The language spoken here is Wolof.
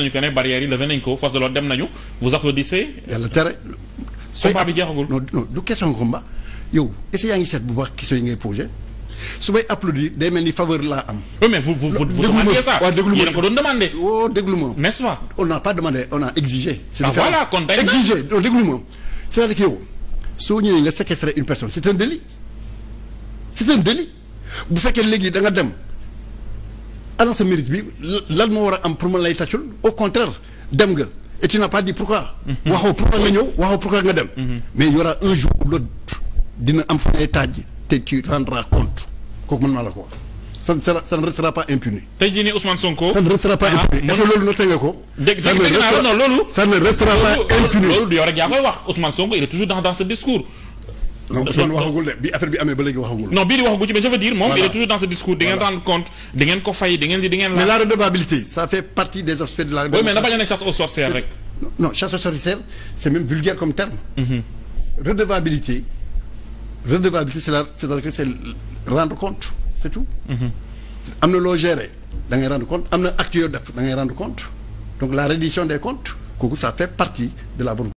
nañu que ne barrières yi levé nañ ko force de l'ordre dem nañu vous applaudissez. yàlla tere. combat bi jeexagul non non du question combat yow est yaa ngi seet bu baax question yi ngay posé su may applaudir day mel ni faveur laa am. oui mais vous vous vous demandiez ça waaw déglu ma a doon demandé. woo oh, déglu ma. n'est-ce pas. on a ah, yow soo ñëwee nga séquestrer une personne c'est un délit c'est un délit bu fekkee léegi da dem. ana sa mérite bi lan moo war a am pour mën lay tàccul au contraire dem nga et tu n'as pas dit pourquoi. Mhm. waxoo pourquoi nga ñëw waxoo pourquoi nga dem. Mhm. mais y un jour ou dina am fa ngay tàjji te tu rendras compte kooku mën naa la ko wax. ça ne sera ça ne restera pas impuni. tey jii nii Ousmane Sonko. ça ne restera pas ah, impuni est-ce que loolu noté nga ko. dégg dégg naa non loolu. ça ne restera pas impuni loolu du yow rek yaa koy wax Ousmane Sonko il est toujours dans dans ce discours. donc Ousmane bi affaire waxagul. non bii di waxagul ci mais je veux dire moom il est toujours dans ce discours di ngeen compte di ko fay di ngeen di la redevabilité ça fait partie des aspects de la. oui a nekk chasse aux sorcières rek. non chasse aux sorcières c'est même vulgaire comme terme. Mhm. redevabilité redevabilité c'est la compte c'est tout. Mhm. am na loo gérer da ngay rendre compte am na acte yoo def da rend rendre compte donc la reddition des comptes kooku ça fait partie de la